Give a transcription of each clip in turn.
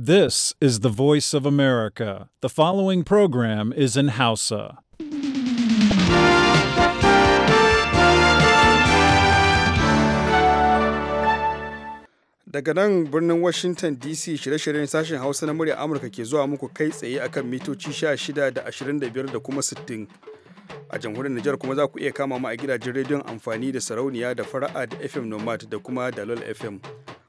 This is the voice of America. The following program is in Hausa. Daga nan birnin Washington DC shirye-shiryen sashen Hausa na murya Amurka ke zuwa muku kai tsaye akan mitoci 16 da 25 da kuma 60. A jamhuriyar Nijar kuma za ku iya kama mu a gidajen rediyon amfani da sarauniya da fara'a da FM Nomad da kuma Dalol FM.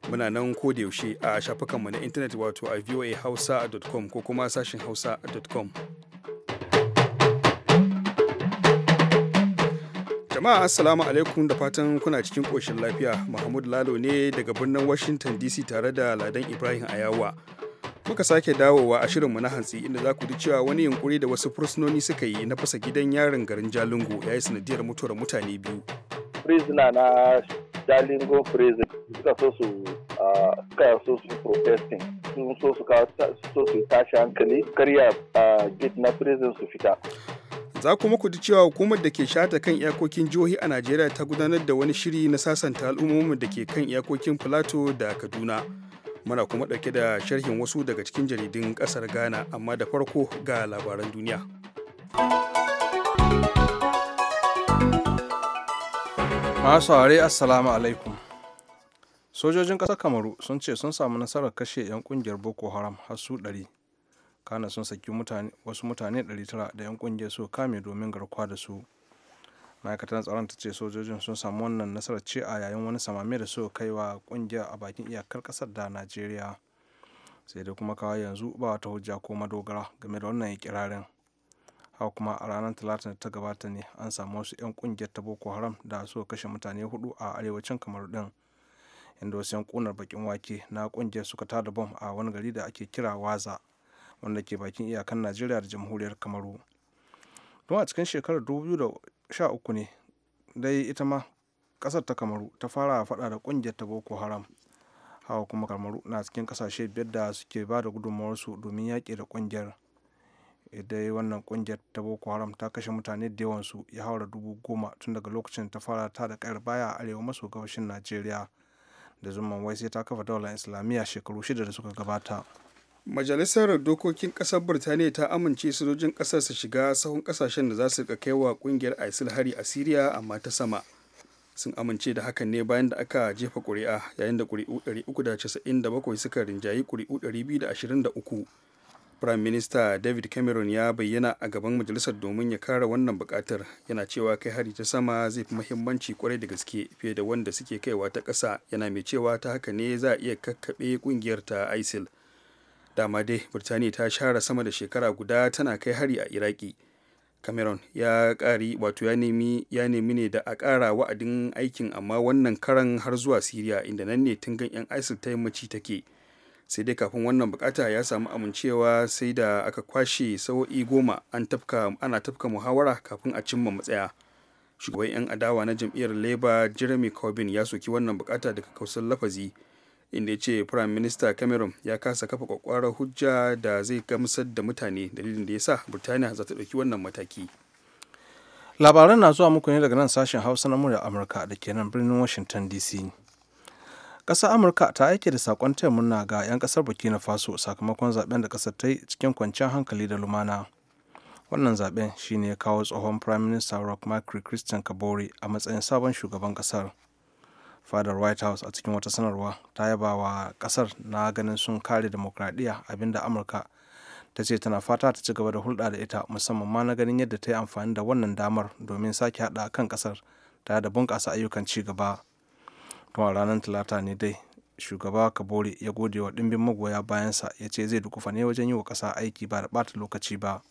muna nan yaushe a shafukanmu na intanet wato a voahausa.com ko kuma sashin hausa.com jama'a assalamu alaikum da fatan kuna cikin koshin lafiya mahmud lalo ne daga birnin washington dc tare da ladan ibrahim ayawa muka sake dawowa a shirin mu na hantsi inda za ku ji cewa wani yunkuri da wasu fursunoni suka yi na fasa gidan yarin garin jalingo ya yi sanadiyar mutuwar mutane biyu Jalingo prison suka so su suka so su protesting sun so su so su tashi hankali karya gate na prison su fita. Za kuma ku ji cewa hukumar da ke shata kan iyakokin jihohi a Najeriya ta gudanar da wani shiri na sasanta al'ummomin da ke kan iyakokin Plateau da Kaduna. Muna kuma ɗauke da sharhin wasu daga cikin jaridun ƙasar Ghana amma da farko ga labaran duniya. masu ware assalamu alaikum sojojin ƙasar kamaru sun ce sun samu nasarar kashe 'yan kungiyar boko haram har su 100 kana sun saki wasu mutane 900 da 'yan ƙungiyar su kame domin garkuwa da su ma'aikatar tsaron ta ce sojojin sun samu wannan nasarar ce a yayin wani samame da su kai wa kungiyar a bakin iyakar ƙasar da najeriya sai da kuma kawai yanzu ba wata hujja ko madogara game da wannan kirarin. haka kuma a ranar talatin da ta gabata ne an samu wasu 'yan kungiyar ta boko haram da suka kashe mutane hudu a arewacin kamar din inda wasu 'yan kunar bakin wake na kungiyar suka tada bom a wani gari da ake kira waza wanda ke bakin iyakan najeriya da jamhuriyar kamaru don a cikin shekarar 2013 ne dai ita ma kasar ta kamaru ta fara fada da kungiyar ta boko haram hawa kuma kamaru na cikin kasashe biyar da suke ba da gudunmawarsu domin yaƙi da kungiyar dai wannan kungiyar ta boko haram ta kashe mutane da su ya haura dubu goma tun daga lokacin ta fara ta da kayar baya a arewa maso gabashin najeriya da zuman wai sai ta kafa daular islamiyya shekaru shida da suka gabata majalisar dokokin kasar birtaniya ta amince sojojin kasar su shiga sahun kasashen da za su kai wa kungiyar isil hari a siriya amma ta sama sun amince da hakan ne bayan da aka jefa kuri'a yayin da kuri'u 397 suka rinjayi kuri'u 223 prime minister david cameron ya bayyana a gaban majalisar domin ya kara wannan bukatar yana cewa kai hari ta sama zai fi mahimmanci kwarai da gaske fiye da wanda suke kaiwa ta ƙasa yana mai cewa ta haka ne za a iya kakkaɓe ƙungiyar ta isil dama dai birtaniya ta share sama da shekara guda tana kai hari a iraki cameron ya ƙari wato ya nemi ne da a kara wa'adin aikin amma wannan karan har zuwa syria inda nan ne gan 'yan isil ta yammaci take sai dai kafin wannan bukata ya samu amincewa sai da aka kwashe saui goma an ana tafka muhawara kafin a cimma matsaya shugaban 'yan adawa na jam'iyyar labour jeremy corbyn ya soki wannan bukata daga kausar lafazi inda ya ce prime minister cameron ya kasa kafa kwakwarar hujja da zai gamsar da mutane dalilin da ya sa burtaniya za ta ɗauki wannan mataki labaran na zuwa muku ne daga nan sashen hausa na murya amurka da ke nan birnin washington dc ƙasar amurka ta aike da saƙon taya ga 'yan ƙasar burkina faso sakamakon zaben da ƙasar ta yi cikin kwanciyar hankali da lumana wannan zaben shine ya kawo tsohon prime minister rock macri christian kabore a matsayin sabon shugaban ƙasar fadar white house a cikin wata sanarwa ta yaba wa ƙasar na ganin sun kare demokradiyya abinda amurka ta ce tana fata ta ci gaba da hulɗa da ita musamman ma na ganin yadda ta yi amfani da wannan damar domin sake haɗa kan ƙasar tare da bunƙasa ayyukan ci gaba kuma ranar talata ne dai shugaba kabore ya gode wa ɗimbin magoya bayansa ya ce zai dukufa ne wajen yi wa ƙasa aiki ba da ɓata lokaci ba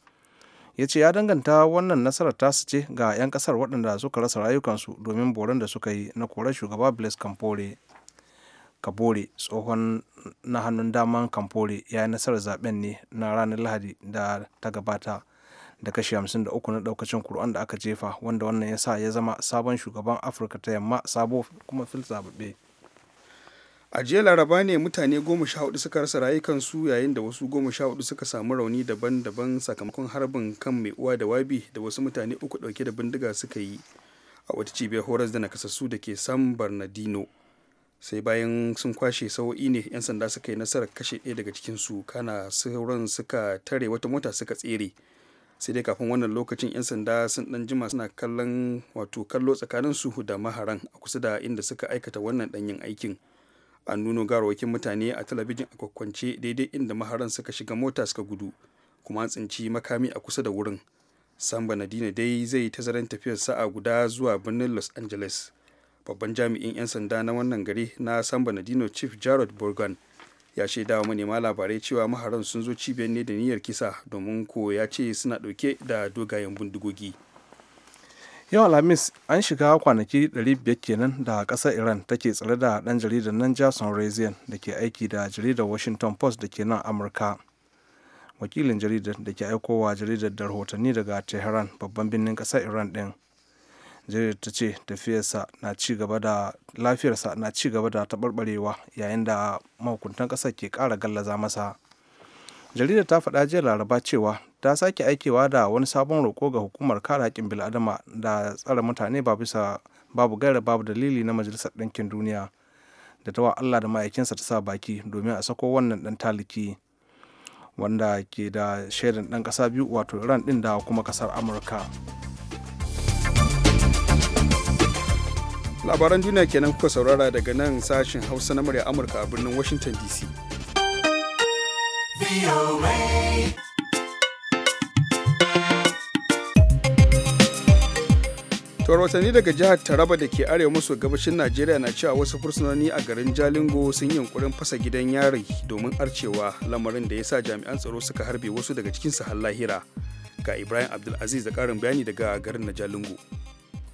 ya ce ya danganta wannan nasarar tasu ce ga 'yan ƙasar waɗanda suka rasa rayukansu domin boron da suka yi na korar shugaba blaise kampore kabore tsohon na hannun daman kamfore ya yi nasarar zaben ne na ranar lahadi da ta gabata da kashi 53 na daukacin kur'an da aka jefa wanda wannan ya sa ya zama sabon shugaban afirka ta yamma sabo kuma fil zababbe a jiya laraba ne mutane goma sha hudu suka rasa rayukansu yayin da wasu goma sha hudu suka samu rauni daban-daban sakamakon harbin kan mai uwa da wabi da wasu mutane uku dauke da bindiga suka yi a wata cibiyar horas da nakasassu da ke san bernardino sai bayan sun kwashe sawo'i ne 'yan sanda suka yi nasarar kashe ɗaya daga cikinsu kana sauran suka tare wata mota suka tsere sai dai kafin wannan lokacin 'yan sanda sun dan jima suna kallon wato kallo tsakanin su da maharan a kusa da inda suka aikata wannan danyen aikin an nuno garwakin mutane a talabijin a kwakwance daidai inda maharan suka shiga mota suka gudu kuma an tsinci makami a kusa da wurin samba banadina dai zai yi tazaran tafiyar sa'a guda zuwa birnin los angeles babban jami'in 'yan sanda na wannan gari na samba banadino chief jared borgan ya shaida wa manema labarai cewa maharan sun zo cibiyar ne da niyyar kisa domin ko ya ce suna dauke da dogayen bindigogi yau alhamis an shiga kwanaki 500 kenan da kasar iran take tsare da dan jaridar nan jason rezian da ke aiki da jaridar washington post da ke nan amurka wakilin jaridar da ke aikowa jaridar da rahotanni daga tehran babban birnin kasar iran din jaridar ta ce tafiyarsa lafiyarsa na ci gaba da taɓarɓarewa yayin da mahukuntan ƙasar ke kara gallaza masa jaridar ta faɗa jiya laraba cewa ta sake aikewa da wani sabon roƙo ga hukumar kare haƙƙin bil'adama da tsare mutane ba bisa babu gaira babu dalili na majalisar ɗinkin duniya da ta wa allah da ma'aikinsa ta sa baki domin a sako wannan ɗan taliki wanda ke da shaidan ɗan ƙasa biyu wato iran ɗin da kuma ƙasar amurka labaran duniya kenan kuka saurara daga nan sashen hausa na murya amurka a birnin washington dc watanni daga jihar taraba da ke arewa maso gabashin najeriya na cewa wasu fursunoni a garin jalingo sun yi yunkurin fasa gidan yari domin arcewa lamarin da ya sa jami'an tsaro suka harbe wasu daga cikinsu har lahira ga ibrahim abdulaziz da karin bayani daga garin na jalingo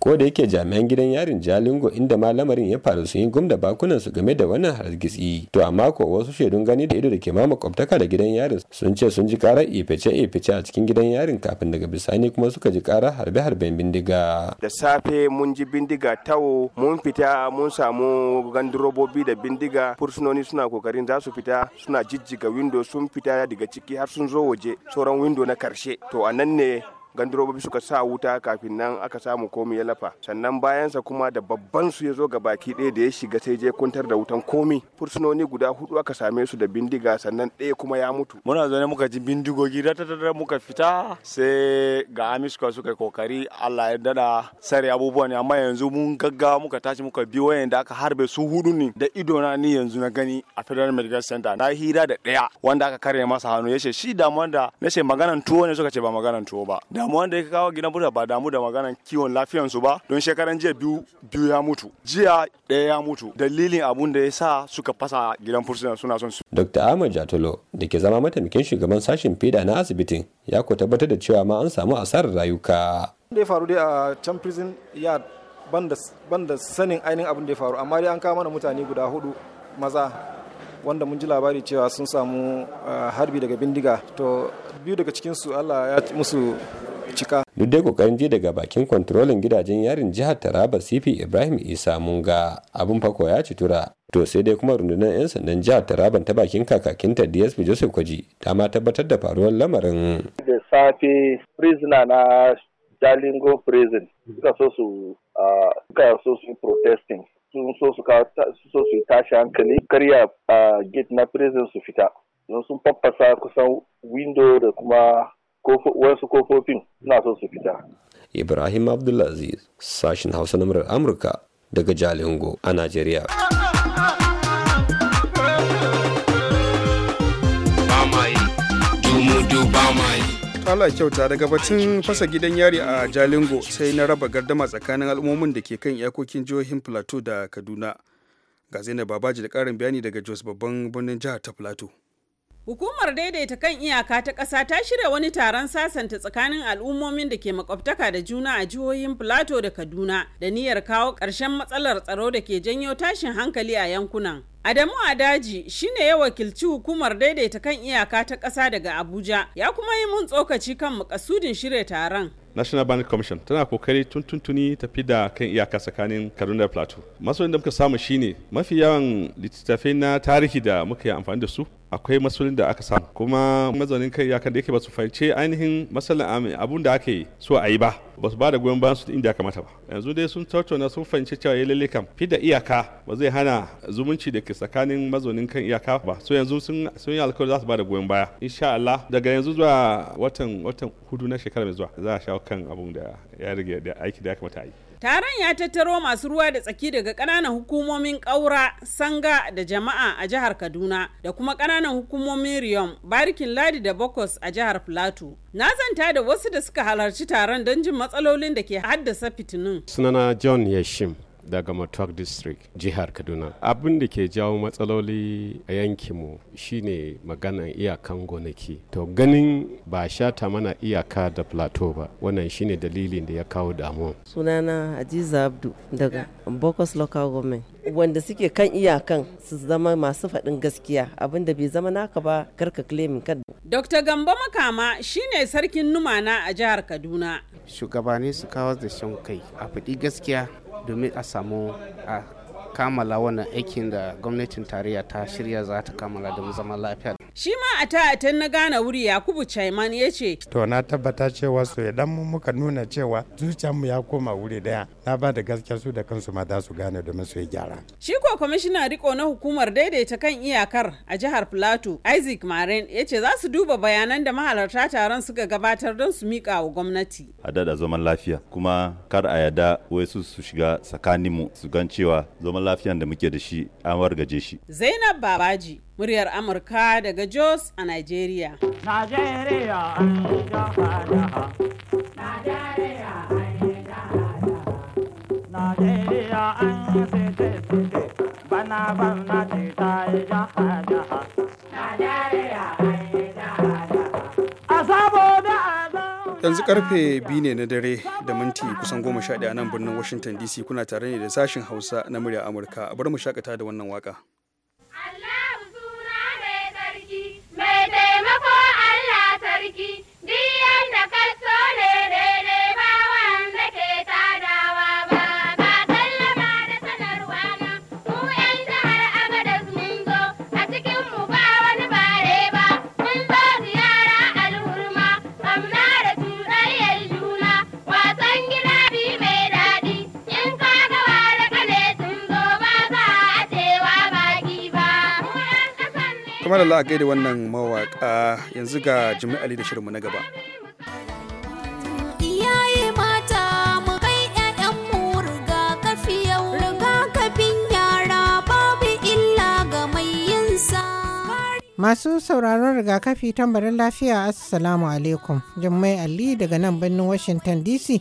ko da yake jami'an gidan yarin jalingo inda ma lamarin ya faru sun yi gumda bakunan su game da wannan hargitsi to amma ko wasu shaidun gani da ido da ke ma kwabtaka da gidan yarin sun ce sun ji karar ifece ifece a cikin gidan yarin kafin daga bisani kuma suka ji karar harbe harben bindiga da safe mun ji bindiga tawo mun fita mun samu gandurobobi da bindiga fursunoni suna kokarin za su fita suna jijjiga windo sun fita daga ciki har sun zo waje sauran windo na karshe to anan ne gandurobi suka sa wuta kafin nan aka samu komi ya lafa sannan bayansa kuma da babban su ya zo ga baki ɗaya da ya shiga sai je kuntar da wutan komi fursunoni guda hudu aka same su da bindiga sannan ɗaya kuma ya mutu muna zaune muka ji bindigogi ratatata muka fita sai ga amishka suka yi kokari allah ya dada sare abubuwan amma yanzu mun gaggawa muka tashi muka bi wayan da aka harbe su hudu ne da idona ni yanzu na gani a federal medical center na hira da ɗaya wanda aka karya masa hannu ya ce shi damuwan da na ce maganan tuwo ne suka ce ba maganan tuwo ba damuwan da ya kawo gidan burta ba damu da magana kiwon lafiyansu ba don shekaran jiya biyu biyu ya mutu jiya ɗaya ya mutu dalilin abun da ya sa suka fasa gidan fursuna suna son su. dr ahmad jatolo da ke zama mataimakin shugaban sashen feda na asibitin ya ko tabbatar da cewa ma an samu asarar rayuka. da ya faru dai a can prison yard ban da sanin ainihin abin da ya faru amma dai an kawo mana mutane guda hudu maza wanda mun ji labari cewa sun samu ah, harbi daga bindiga to biyu daga cikinsu allah ya musu cika duk dai kokarin ji daga bakin kwantarolin gidajen yarin jihar taraba cp ibrahim isa munga abun fako ya ci tura to sai dai kuma rundunar 'yan sandan jihar taraban ta bakin kakakinta dsp joseph kwaji ta ma tabbatar da faruwar lamarin da safe prisoner na jalingo prison suka so su suka so su protesting sun so su so su tashi hankali karya a gate na prison su fita don sun faffasa kusan window da kuma wasu kofofin suna so su fita. Ibrahim Abdulaziz sashen Hausa na murar Amurka daga Jalingo a Najeriya. Allah kyauta daga batun fasa gidan yari a Jalingo sai na raba gardama tsakanin al'ummomin da ke kan iyakokin jihohin Plateau da Kaduna. Ga Zainab Babaji da ƙarin bayani daga Jos babban birnin jihar ta Plateau. Hukumar daidaita kan iyaka ta ƙasa ta shirya wani taron sasanta tsakanin al'ummomin da ke makwabtaka da juna a jihohin Plateau da Kaduna da niyyar kawo ƙarshen matsalar tsaro da ke janyo tashin hankali a yankunan. Adamu Adaji shine ya wakilci hukumar daidaita kan iyaka ta ƙasa daga Abuja ya kuma yi mun tsokaci kan makasudin shirya taron. National Bank Commission tana kokari tun tuntuni fi da kan iyaka tsakanin Kaduna da Plateau. Masoyin da muka samu shine mafi yawan littattafai na tarihi da muka yi amfani da su akwai matsalolin da aka samu kuma mazaunin kai ya kan da yake ba su fahimce ainihin amin abun da ake so a yi ba ba su ba da goyon bayan su inda ya kamata ba yanzu dai sun tattauna sun fahimci cewa ya eh, lalle kam fi da iyaka ba zai hana zumunci da ke tsakanin mazaunin kan iyaka ba so yanzu sun yi alkawari za su ba da goyon baya insha Allah daga yanzu zuwa watan watan hudu na shekara mai zuwa za a shawo kan abun da ya rage da aiki da ya kamata a yi Taron ya tattaro masu ruwa da tsaki daga ƙananan hukumomin ƙaura, sanga da jama'a a jihar Kaduna da kuma ƙananan hukumomin Riyom, Barikin Ladi da Bokos a jihar filato Na zanta da wasu da suka halarci taron don jin matsalolin da ke haddasa fitinin. Sunana John Yashim. daga matuwa District, jihar Kaduna. Abin da ke jawo matsaloli a yankinmu shine maganan iyakan gonaki. To ganin ba shata mana iyaka da plateau ba, wannan shine dalilin da ya kawo damuwa. Sunana Ajiza Abdu daga Bokos Local Government. Wanda suke kan iyakan su zama masu faɗin gaskiya abinda bai zama naka ba karka claimin kan. Dr. Gambo Makama shine sarkin numana a jihar Kaduna. Shugabanni su kawo da shan kai a faɗi gaskiya domin a samu a kammala wannan aikin da gwamnatin tarayya ta shirya za ta kammala domin zaman lafiya Shi ma a ta'atan na gane wuri Yakubu Chaiman ya ce. To na tabbata cewa su idan mu muka nuna cewa zuciyarmu ya koma wuri daya na ba da gaskiya su da kansu ma za su gane domin su yi gyara. Shi ko kwamishina riko na hukumar daidaita kan iyakar a jihar Plateau Isaac Maren ya ce za su duba bayanan da mahalarta taron suka gabatar don su mika wa gwamnati. A dada zaman lafiya kuma kar a yada wasu su shiga tsakaninmu su gan cewa zaman lafiyan da muke da shi an wargaje shi. Zainab Babaji Muryar Amurka daga Jos a Najeriya. yanzu karfe biyu ne na dare da minti kusan goma sha ɗaya nan birnin washington dc kuna tare ne da sashin hausa na murya amurka bar mu shakata da wannan waka. की दिया नकल Allah a gaida wannan mawaka yanzu ga jimi ali da shirinmu na gaba Masu sauraron rigakafi tambarin lafiya Assalamu alaikum. Jummai Ali daga nan birnin Washington DC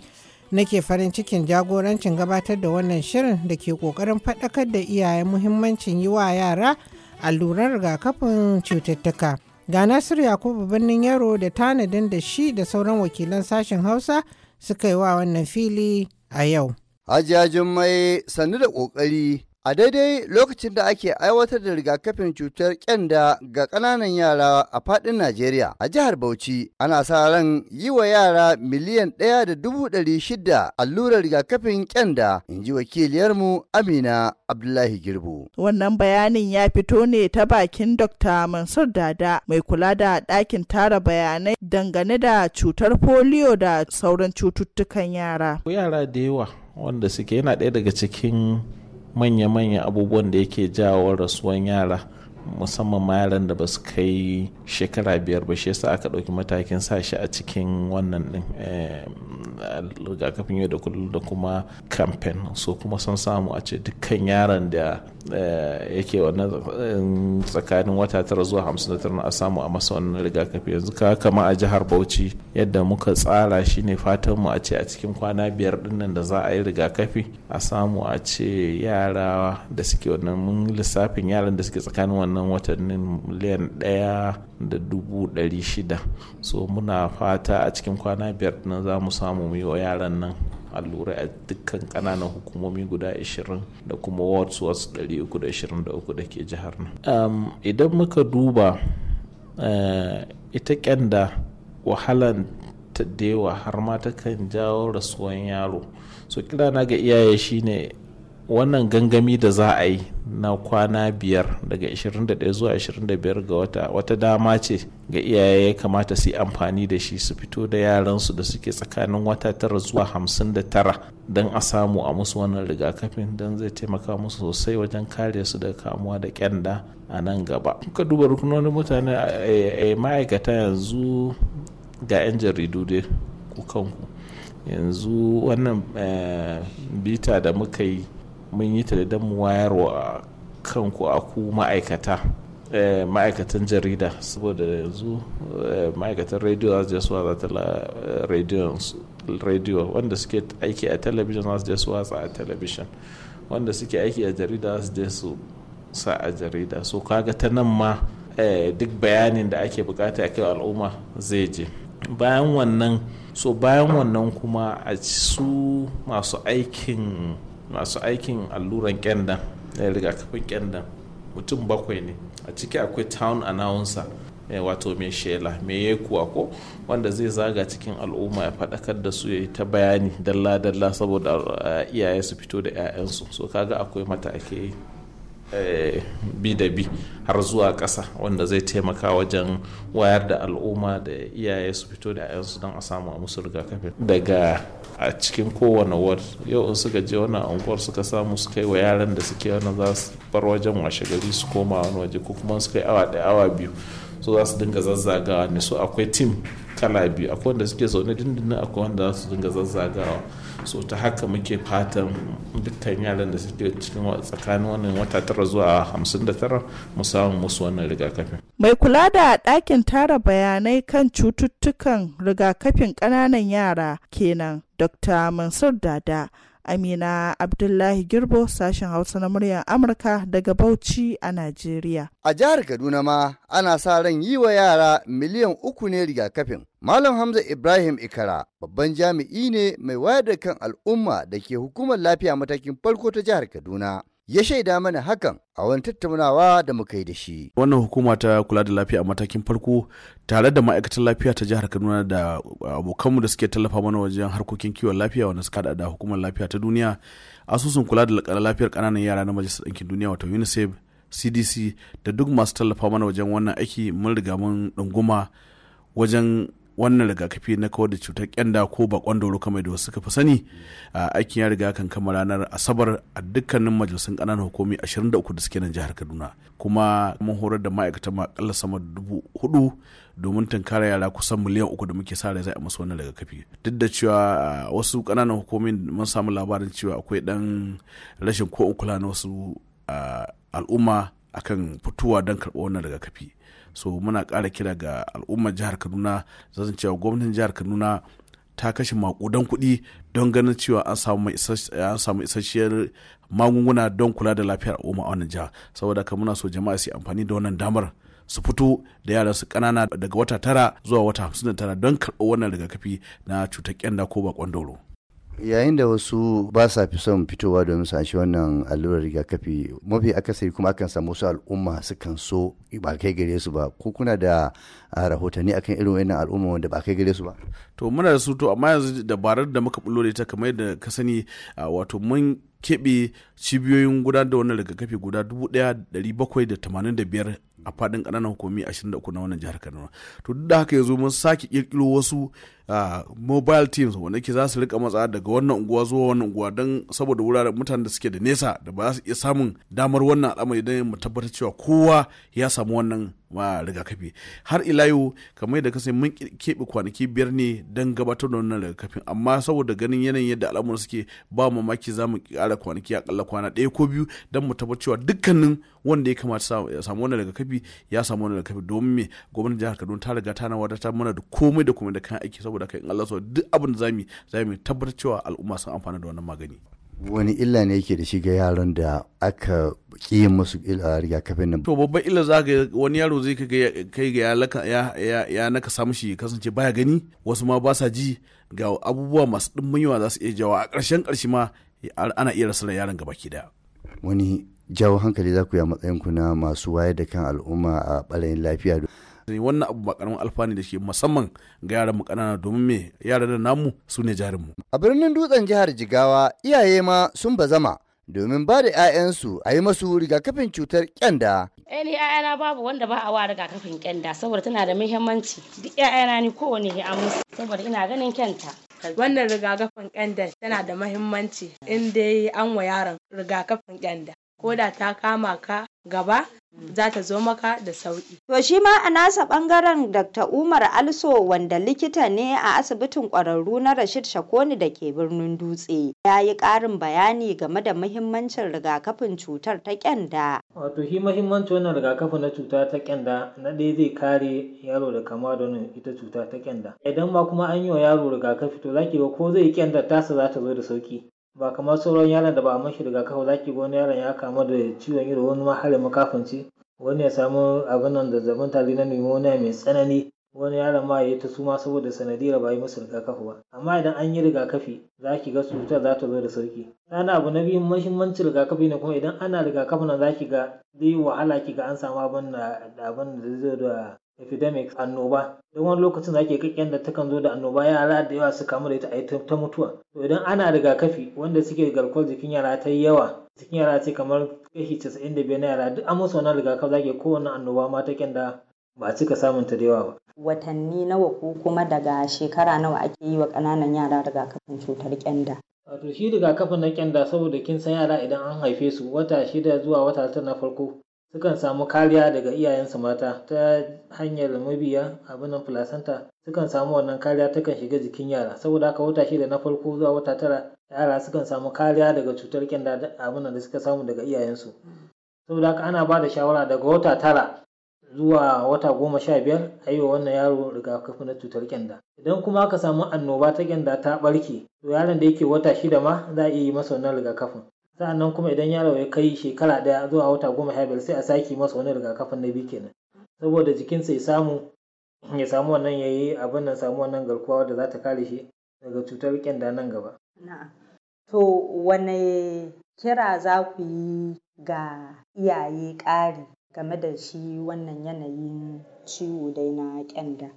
nake farin cikin jagorancin gabatar da wannan shirin da ke kokarin faɗakar da iyayen muhimmancin yi wa yara allurar rigakafin cututtuka ga nasiru yakubu birnin yaro da tanadin da shi da sauran wakilan sashen hausa suka yi wa wannan fili a yau Hajiya Jummai sannu da ƙoƙari A daidai lokacin da ake aiwatar da rigakafin cutar kyanda ga ƙananan yara a faɗin Najeriya, a jihar Bauchi ana sa ran yi wa yara miliyan ɗaya da dubu ɗari shida allurar rigakafin kyanda, in ji wakiliyarmu Amina Abdullahi Girbu. Wannan bayanin ya fito ne ta bakin Dr. Mansur Dada mai kula da ɗakin tara bayanai dangane da cutar polio da sauran cututtukan yara. Yara da yawa wanda suke yana ɗaya daga cikin manya-manya abubuwan da yake jawo rasuwan yara musamman ma yaran da ba su kai shekara biyar ba shi yasa aka ɗauki matakin sa shi a cikin wannan ɗin eh, rigakafin yau da kullum da kuma kamfen so kuma sun samu a ce dukkan yaran da eh, yake wannan eh, tsakanin wata tara zuwa hamsin da tara a samu a masa wannan rigakafi yanzu ka kama a jihar bauchi yadda muka tsara shi ne fatan mu a ce a cikin kwana biyar dinnan da za a yi rigakafi a samu a ce yara da suke wannan lissafin yaran da suke tsakanin wannan wannan watannin miliyan ɗaya da dubu ɗari shida so muna fata a cikin kwana biyar nan za mu samu mu yi wa yaran nan allurai a dukkan ƙananan hukumomi guda 20 da kuma wards 323 da ke jihar nan idan muka duba eh, ita kyanda wahalan ta dewa har ma ta kan jawo rasuwan yaro so kira na ga iyaye shine wannan gangami da za a yi na kwana biyar daga 21 zuwa 25 ga wata wata dama ce ga iyaye ya kamata su yi amfani da shi su fito da yaransu da suke tsakanin wata tara zuwa hamsin da don a samu a musu wannan rigakafin don zai taimaka musu sosai wajen kare su daga kamuwa da kyanda a nan gaba ka duba rukunoni mutane a ma'aikata yanzu ga 'yan jaridu dai ku kanku yanzu wannan eh, bita da muka yi mun yi ta da mu wayarwa kanku a ku ma'aikata eh, ma'aikatan jarida saboda yanzu eh, ma'aikatan rediyo za su watsa eh, rediyo wanda suke aiki a talabijin za su je su a talabijin wanda suke aiki a jarida za su je su sa a jarida so kaga ta nan ma duk bayanin da ake bukata a kai al'umma zai je bayan wannan so bayan wannan kuma a su masu aikin masu aikin alluran kyanda eh, rigakafin kyanda mutum bakwai ne a ciki akwai town announcer eh, wato mai shela mai ya kuwa ko wanda zai zaga cikin al'umma ya faɗakar da su ya yi ta bayani dalla-dalla saboda eh, iyaye su fito da 'ya'yansu so kaga akwai mata ake yi Eh, bi da bi har zuwa ƙasa wanda zai taimaka wajen wayar da al'umma da iyaye su fito da ayansu don a samu a musu rigakafi daga a cikin kowane war yau in suka je wani unguwar suka samu su kai wa yaran da suke wani za su bar wajen washe gari su koma wani waje ko kuma su kai awa ɗaya awa biyu so za su dinga zazzagawa ne so akwai tim kala biyu akwai wanda suke zaune dindindin akwai wanda za su dinga zazzagawa so ta haka muke fatan dukkan yaran da suke cikin tsakanin wannan wata tara zuwa hamsin da tara mu samu musu wannan rigakafin. mai kula da ɗakin tara bayanai kan cututtukan rigakafin ƙananan yara kenan dr mansur dada Amina Abdullahi Girbo sashen Hausa na muryar Amurka daga Bauchi a Najeriya. A jihar Kaduna ma ana sa ran yi wa yara miliyan uku ne rigakafin. Malam Hamza Ibrahim Ikara babban jami'i ne mai wayar da kan al'umma da ke hukumar lafiya matakin farko ta jihar Kaduna. ya shaida mana hakan a wani tattaunawa da muka yi da shi. Wannan hukuma ta kula da lafiya a matakin farko tare da ma'aikatan lafiya ta jihar Kaduna da abokanmu da suke tallafa mana wajen harkokin kiwon lafiya wanda suka da hukumar lafiya ta duniya, asusun kula da lafiyar ƙananan yara na majalisar ɗinkin duniya wato UNICEF, CDC da duk masu tallafa mana wajen wannan aiki mun riga mun ɗunguma wajen wannan rigakafi na kawar da cutar kyanda ko bakon doro kamar da wasu suka fi sani aikin ya riga kan kama ranar asabar a dukkanin majalisun ƙananan hukumi 23 da suke nan jihar kaduna kuma mun horar da ma'aikatan akalla sama da dubu hudu domin tunkara yara kusan miliyan uku da muke sa rai za a musu wannan rigakafi duk da cewa wasu kananan hukumi mun samu labarin cewa akwai dan rashin ko kula na wasu al'umma akan fitowa don karɓar wannan rigakafi so muna kara kira ga al'ummar jihar kaduna zan cewa gwamnatin jihar kaduna ta kashe makudan kuɗi don ganin cewa an samu isasshiyar magunguna don kula da lafiyar al'umma a wannan jiha saboda ka muna so jama'a su amfani da wannan damar su fito da yara su kanana daga wata tara zuwa wata hamsin da tara don karɓar wannan rigakafi na cutar kyanda ko bakon dauro. yayin da wasu ba sa fi son fitowa domin su shi wannan allurar rigakafi mafi akasari kuma akan samu wasu al'umma su kan so ba kai gare su ba ko kuna da rahotanni akan irin wannan al'umma wanda ba kai gare su ba to muna da su to amma yanzu dabarar da muka bullo ta kamar yadda ka sani wato mun keɓe cibiyoyin gudanar da wannan rigakafi guda 1785 a faɗin kananan hukumi 23 na wannan jihar Kaduna to duk da haka yanzu mun sake kirkiro wasu mobile teams wanda ke za su rika matsa daga wannan unguwa zuwa wannan unguwa don saboda wuraren mutanen da suke da nesa da ba za su iya samun damar wannan al'amari don mu tabbatar cewa kowa ya samu wannan ma rigakafi har ila yau kamar yadda kasai mun keɓe kwanaki biyar ne don gabatar da wannan rigakafi amma saboda ganin yanayin yadda al'amuran suke ba mamaki za mu kara kwanaki akalla kwana ɗaya ko biyu don mu tabbatar cewa dukkanin wanda ya kamata ya samu wannan daga kafi ya samu wannan daga kafi domin me gwamnatin jihar Kaduna ta riga ta na wadatar mana da komai da komai da kan aiki saboda kai in Allah so duk abin da zamu zamu tabbatar cewa al'umma sun amfana da wannan magani wani illa ne yake da shi ga yaron da aka ki musu riga kafin nan to babban illa za ga wani yaro zai kai ga ya ya naka samu shi kasance baya gani wasu ma ba sa ji ga abubuwa masu dimmiwa za su iya jawa a ƙarshen ƙarshe ma ana iya rasa yaron gaba ki daya wani jawo hankali za ku yi a matsayinku na masu wayar da kan al'umma a ɓarayin lafiya wannan abu ba karamin alfani da shi musamman ga yaran mu kanana domin me yaran da namu su ne jarinmu. A birnin dutsen jihar Jigawa iyaye ma sun bazama domin ba da 'ya'yansu a yi masu rigakafin cutar kyanda. Eh, ni ‘ya'yana babu wanda ba a wa rigakafin kyanda saboda tana da muhimmanci duk ‘ya'yana ni kowane ya amsa saboda ina ganin kyanta. Wannan rigakafin kyanda tana da muhimmanci in dai an wa yaron rigakafin kyanda koda ta kama ka gaba za ta zo maka da sauƙi. To shi ma a nasa ɓangaren Dr. Umar Also wanda likita ne a asibitin ƙwararru na Rashid Shakoni da ke birnin Dutse ya yi ƙarin bayani game da muhimmancin rigakafin cutar ta ƙyanda. Wato shi muhimmancin wannan rigakafin na cuta ta ƙyanda na ɗaya zai kare yaro da kama da ita cuta ta ƙyanda. Idan ma kuma an yi wa yaro rigakafi to zaki ba ko zai ƙyanda tasa za ta zo da sauƙi. ba kamar sauran yaron da ba a mashi rigakafi za ki ga wani yaron ya kamu da ciwon ido wani ma har makafanci wani ya samu abin nan zazzabin tari na pneumonia mai tsanani wani yaron ma ya ta suma saboda sanadiyar ba yi musu rigakafi ba amma idan an yi rigakafi za ki ga cutar za ta zo da sauki sana abu na biyu muhimmancin rigakafi ne kuma idan ana rigakafin nan za ki ga zai wahala ki ga an samu abin da abin da zai zo da epidemics annoba don wani lokacin zaki kakken da takan zo da annoba yara da yawa su kamu da ita ayi ta mutuwa to idan ana rigakafi wanda suke garkuwar jikin yara ta yi yawa jikin yara ce kamar kashi casa'in da biyar na yara duk an musu wannan rigakafi zaki kowane annoba ma ta da ba a cika samun ta da yawa ba. Watanni nawa ko kuma daga shekara nawa ake yi wa ƙananan yara rigakafin cutar kyanda? Wato shi rigakafin na kyanda saboda kin san yara idan an haife su wata shida zuwa wata tara na farko sukan samu kariya daga iyayensu mata ta hanyar mabiya abinan placenta sukan samu wannan kariya takan shiga jikin yara saboda haka wata shida na farko zuwa wata tara yara sukan samu kariya daga cutar kyanda abin da suka samu daga iyayensu saboda haka ana ba da shawara daga wata tara zuwa wata goma sha biyar a yi wa wannan yaro rigakafi na cutar kyanda idan kuma aka samu annoba ta kyanda ta ɓarke to yaron da yake wata shida ma za a iya yi masa wannan rigakafin Sa'annan kuma idan yaro ya kai shekara ɗaya zuwa wata goma sha biyar sai a sake masa wani rigakafin na biyu kenan. Saboda jikinsa ya samu, ya samu wannan yayi abin nan samu wannan garkuwa wadda za ta kare shi daga cutar ƙyanda nan gaba. To wane kira za ku yi ga iyaye ƙari game da shi wannan yanayin ciwo dai na ƙyanda?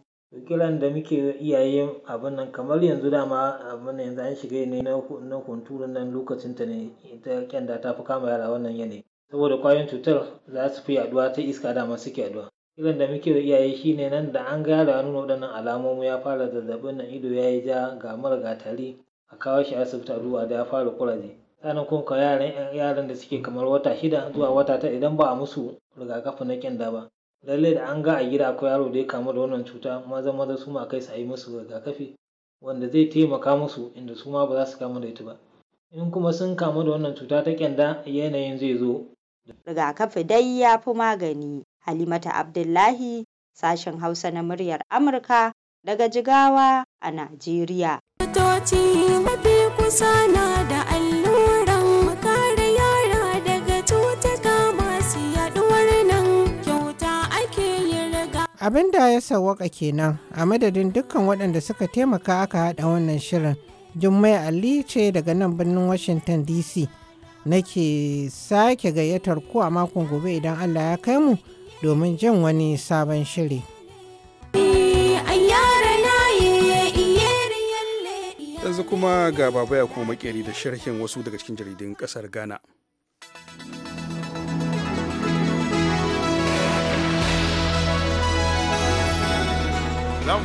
kiran da muke iyaye abun nan kamar yanzu dama abun nan yanzu an shiga ne na hunturu nan lokacin ta ne ita kyanda ta fi kama yara wannan yanayi saboda ƙwayoyin cutar za su fi yaduwa ta iska dama suke yaduwa kiran da muke wa shi ne nan da an ga yaro ya nuna waɗannan alamomi ya fara zazzabin nan ido ya yi ja ga mura ga tari a kawo shi asibiti a duba da ya fara ƙuraje sannan kuma yaran yaran da suke kamar wata shida zuwa wata tara idan ba a musu rigakafi na kyanda ba lallai da an ga a gida akwai yaro da ya kamu da wannan cuta maza maza su ma kai su a yi musu rigakafi wanda zai taimaka musu inda su ma ba za su kamu da ita ba in kuma sun kamu da wannan cuta ta kyanda yanayin zai zo rigakafi dai ya fi magani halimata abdullahi sashen hausa na muryar amurka daga jigawa a najeriya da abin da ya sawwaka kenan a madadin dukkan waɗanda suka taimaka aka haɗa wannan shirin jummai ali ce daga nan birnin washington dc nake sake gayyatar ku a makon gobe idan allah ya kai mu domin jin wani sabon shiri yanzu kuma ga baba ya kuma makeri da sharhin wasu daga cikin jaridun kasar ghana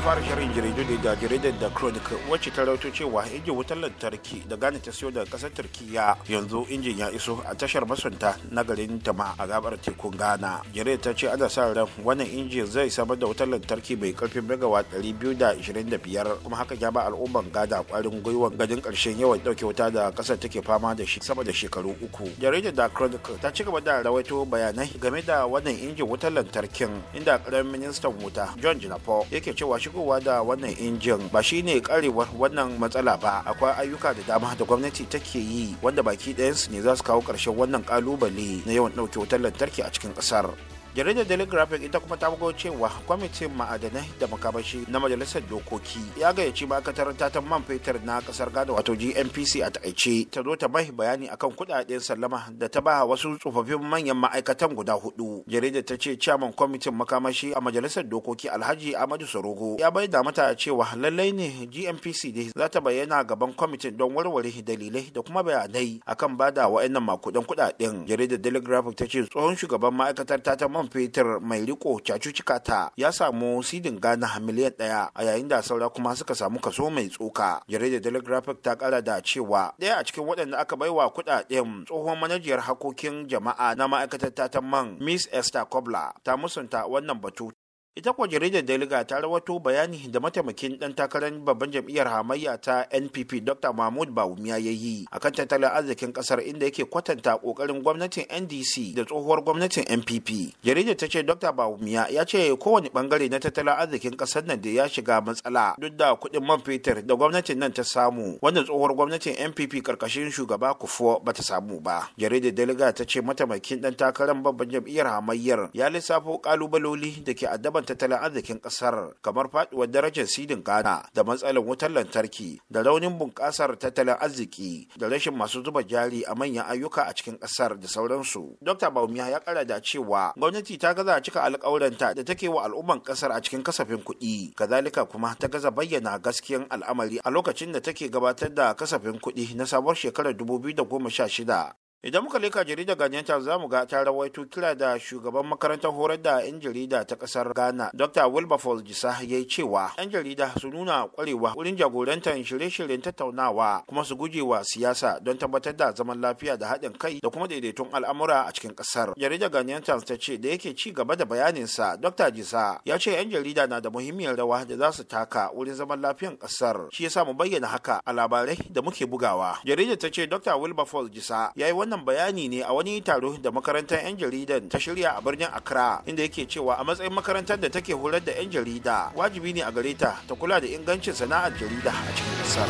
fara shirin jaridu da jaridar da chronicle wacce ta rauto cewa injin wutar lantarki da gane ta siyo daga kasar turkiya yanzu injin ya iso a tashar masunta na garin tama a gabar tekun ghana jaridar ta ce ana sa ran wannan injin zai samar da wutar lantarki mai karfin megawa 225 kuma haka ya ba al'umman gada kwarin gwiwan gadin karshen yawan dauke wuta da kasar take fama da shi sama da shekaru uku jaridar da chronicle ta ci gaba da rawaito bayanai game da wannan injin wutar lantarkin inda karamin ministan wuta john jinapo yake cewa shi shigowa da wannan injin ba shi ne karewar wannan matsala ba akwai ayyuka da dama da gwamnati take yi wanda baki ɗayansu ne za su kawo ƙarshen wannan ƙalubale na yawan ɗauke wutar lantarki a cikin ƙasar. jaridar daily graphic ita kuma ta bugo cewa kwamitin ma'adanai da makamashi na majalisar dokoki ya gayyaci ma'aikatar tatan man fetur na kasar gado wato gmpc a takaice ta zo ta bai bayani akan kuɗaɗen sallama da ta ba wasu tsofaffin manyan ma'aikatan guda hudu jaridar ta ce chairman kwamitin makamashi a majalisar dokoki alhaji Ahmadu sorogo ya bai da mata cewa lallai ne G.M.P.C. ne za ta bayyana gaban kwamitin don warware dalilai da kuma bayanai akan bada wa'annan makudan kuɗaɗen. jaridar daily graphic ta ce tsohon shugaban ma'aikatar tatan man fetur mai riko cacucika ta ya samu sidin gana miliyan ɗaya a yayin da saura kuma suka samu kaso mai tsoka jaridar telegraphic ta kara da cewa ɗaya a cikin waɗanda aka bai wa kuɗaɗen tsohon manajiyar hakokin jama'a na ma'aikatar tatan man miss esther kobla ta musunta wannan batu ita kuwa jaridar daliga ta rawato bayani da mataimakin dan takarar babban jam'iyyar hamayya ta npp dr mahmud bawumiya ya yi akan tattalin arzikin kasar inda yake kwatanta kokarin gwamnatin ndc da tsohuwar gwamnatin npp jaridar ta ce dr bawumiya ya ce kowane bangare na tattalin arzikin kasar nan da ya shiga matsala duk da kuɗin man fetur da gwamnatin nan ta samu wanda tsohuwar gwamnatin npp karkashin shugaba kufuwa ba ta samu ba jaridar daliga ta ce mataimakin dan takarar babban jam'iyyar hamayyar ya lissafo kalubaloli da ke addaba abubuwan tattalin arzikin kasar kamar faduwar darajar sidin ghana da matsalar wutar lantarki da raunin bunƙasar tattalin arziki da rashin masu zuba jari a manyan ayyuka a cikin kasar da sauransu dr baumiya ya kara da cewa gwamnati ta gaza cika alƙawuranta da take wa al'umman kasar a cikin kasafin kuɗi kazalika kuma ta gaza bayyana gaskiyan al'amari a lokacin da take gabatar da kasafin kuɗi na sabuwar shekarar dubu biyu da goma sha shida. idan muka leka jaridar ganyen za mu ga ta rawaito kira da shugaban makarantar horar da yan jarida ta kasar ghana dr wilberforce jisa ya yi cewa yan jarida su nuna kwarewa wurin jagorantar shirye-shiryen tattaunawa kuma su guje wa siyasa don tabbatar da zaman lafiya da haɗin kai da kuma daidaiton al'amura a cikin kasar jaridar ganyen ta ce da yake ci gaba da bayaninsa dr jisa ya ce yan jarida na da muhimmiyar rawa da za su taka wurin zaman lafiyan kasar shi yasa mu bayyana haka a labarai da muke bugawa jarida ta ce dr wilberforce jisa ya yi wannan bayani ne a wani taro da makarantar 'yan jaridan ta shirya a birnin Accra inda yake cewa a matsayin makarantar da take horar da 'yan jarida wajibi ne a gare ta ta kula da ingancin sana'ar jarida a cikin ƙasar.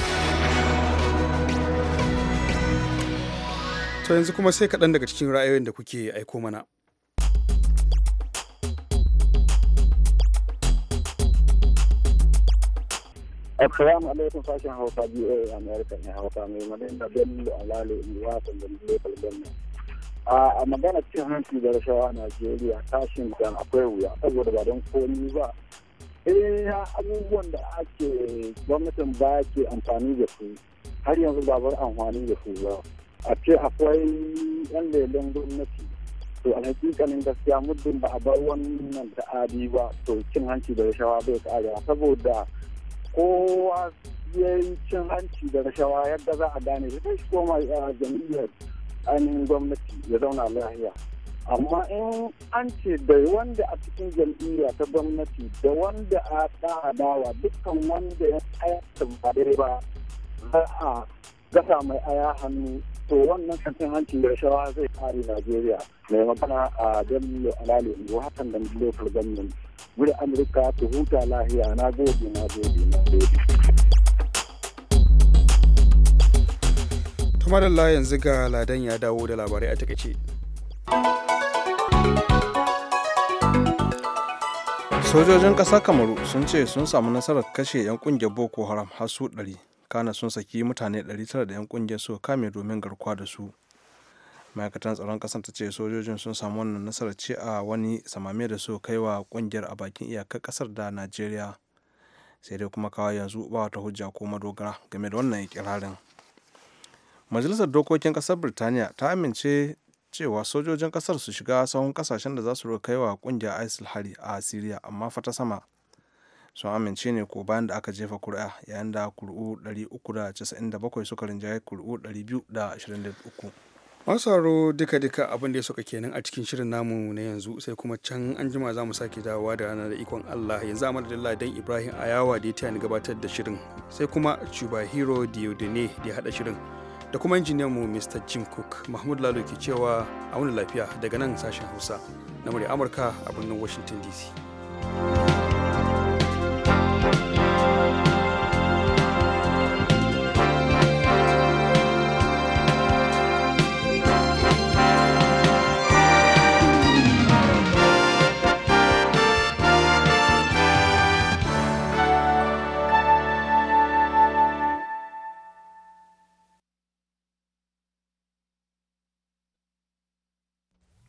To yanzu kuma sai kaɗan daga cikin ra'ayoyin da kuke aiko mana. Assalamu alaikum sashen Hausa BA America ne Hausa mai magana Bello Alale Indiya Tanzania Local Government. A magana cin hanci da rashawa a Najeriya tashin da akwai wuya saboda ba don komi ba. Eh abubuwan da ake gwamnatin ba ke amfani da su har yanzu ba bar amfani da su ba. A ce akwai yan lelen gwamnati to a hakikanin gaskiya muddin ba a bar wannan ta'adi ba to cin hanci da rashawa bai kara saboda kowa ya yi cin hanci da rashawa yadda za a gane shi sai shi koma a jam'iyyar ainihin gwamnati ya zauna lahiya amma in an ce da wanda a cikin jam'iyya ta gwamnati da wanda a adawa dukkan wanda ya aikata ba dai ba za a gasa mai aya hannu to wannan kantin hanci da rashawa zai kare najeriya mai magana a jamilu alali hakan da lokal gwamnati mura amurka ta huta lahiya na gode na gode na gode la yanzu ga ladan ya dawo da labarai a takaice sojojin ƙasar kamaru sun ce sun samu nasarar kashe 'yan ƙungiyar boko haram har su 100 kana sun saki mutane 900 da 'yan ƙungiyar su kame domin garkuwa da su ma'aikatan tsaron kasar ta ce sojojin sun samu wannan nasarar ce a wani samame da su kai wa kungiyar a bakin iyakar kasar da najeriya sai dai kuma kawai yanzu ba wata hujja ko madogara game da wannan ikirarin majalisar dokokin kasar birtaniya ta amince cewa sojojin kasar su shiga sahun kasashen da za su kai wa kungiyar isil hari a siriya amma fata sama sun amince ne ko bayan da aka jefa kuri'a yayin da kuri'u 397 suka rinjaye kuri'u 223 masaro duka-duka abin da ya soka kenan a cikin shirin namu na yanzu sai kuma can an jima za mu sake dawowa da ranar da ikon Allah yanzu a madadin dan Ibrahim Ayawa da ya taya gabatar da shirin sai kuma Chuba Hero diodene da ya hada shirin da kuma injiniyan mu Mr. Jim Cook Mahmud Lalo ke cewa a wani lafiya daga nan sashen Hausa na murya Amurka a birnin Washington DC.